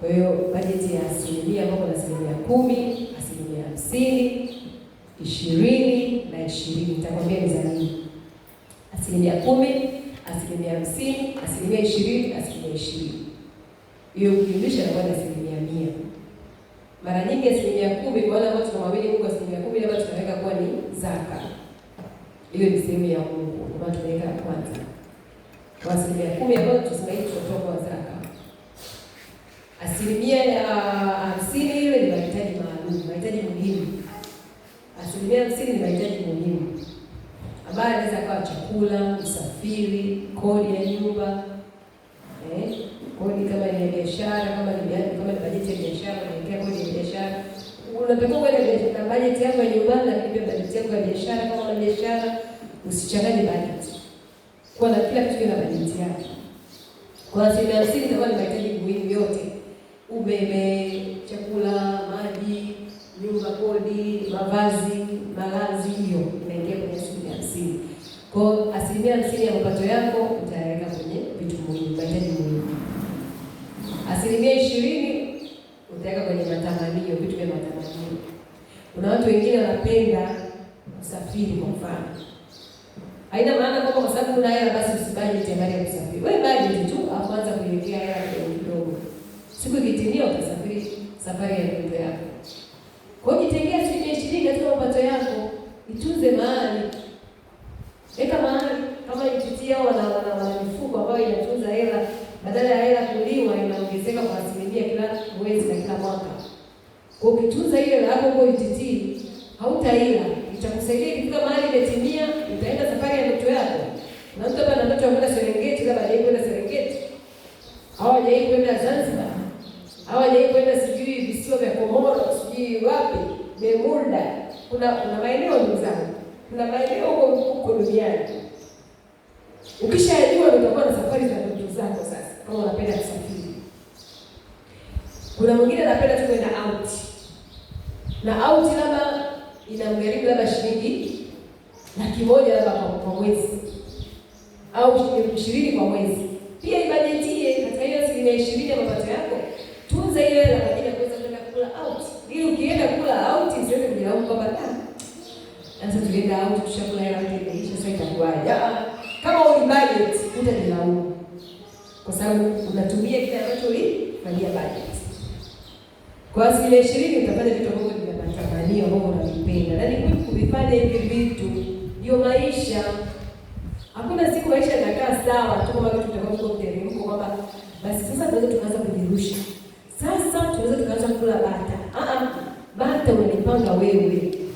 Kwa hiyo bajeti ya asilimia ambapo na asilimia kumi, asilimia hamsini, ishirini na ishirini. Nitakwambia ni za nini: asilimia kumi, asilimia hamsini, asilimia ishirini, asilimia ishirini. Hiyo kujumlisha inakuwa ni asilimia mia. Mara nyingi asilimia kumi kwa wale ambao tunamwamini Mungu, asilimia kumi labda tunaweka kuwa ni zaka. Hiyo ni sehemu ya Mungu ambayo tunaweka kwanza, kwa asilimia kumi ambayo tusimai tutatoa kwa zaka muhimu. Asilimia hamsini ni mahitaji muhimu ambayo anaweza kawa chakula, usafiri, kodi ya nyumba, eh, kodi kama ni biashara, kama ni kama ni bajeti ya biashara, unaingia kodi ya biashara, unatakiwa kwenda na bajeti yako ya nyumbani, na pia bajeti yako ya biashara. Kama una biashara, usichanganye bajeti, kuwa na kila kitu na bajeti yake. Kwa asilimia hamsini itakuwa ni mahitaji muhimu yote: umeme, chakula, maji mavazi, malazi, hiyo inaingia kwenye asilimia hamsini. Kwa hiyo asilimia hamsini ya mapato yako utayaweka kwenye vitu muhimu, mahitaji muhimu. Asilimia ishirini utaweka kwenye matamanio, vitu vya matamanio. Kuna watu wengine wanapenda kusafiri, kwa mfano. Haina maana kwamba kwa sababu una hela basi usibudget habari ya kusafiri. Wewe budget tu, afu anza kuiwekea hela kidogo kidogo, siku ikitimia utasafiri safari ya ndoto yako. wana wana mifuko ambayo inatunza hela, badala ya hela kuliwa inaongezeka kwa asilimia kila mwezi na kila mwaka. Kwa ukitunza ile hela kwa UTT hautaila, itakusaidia ikifika mahali imetimia, itaenda safari ya ndoto yako. Na mtu hapa ndoto ya kwenda Serengeti, labda hajawahi kwenda Serengeti, hawajawahi kwenda Zanzibar, hawajawahi kwenda sijui visiwa vya Komoro, sijui wapi Bermuda. Kuna kuna maeneo ndugu zangu, kuna maeneo huko huko duniani Kuna mwingine anapenda tu kwenda out na out, labda inamgharimu labda shilingi laki moja labda kwa kwa mwezi au shilingi ishirini kwa mwezi. Pia ibajetie katika hiyo asilimia ishirini ya mapato yako, tunza ile hela kwa ajili ya kuweza kwenda kula out, ili ukienda kula out usiweze kujilaumu kwamba ah, sasa tulienda out tushakula hela yote imeisha, sasa itakuwaje? Ah, kama ulibudget utajilaumu kwa sababu unatumia kile ambacho ulifanyia budget. Kwa asilimia ishirini utafanya vitu ambavyo vinatamania ambavyo unavipenda. Yaani kuli kuvifanya hivi vitu ndio maisha. Hakuna siku maisha yanakaa sawa tu kama vitu vitakavyokuwa mteremko kwamba basi sasa tunaweza tukaanza kujirusha. Sasa tunaweza tukaanza kula bata. Ah, ah. Bata unanipanga wewe.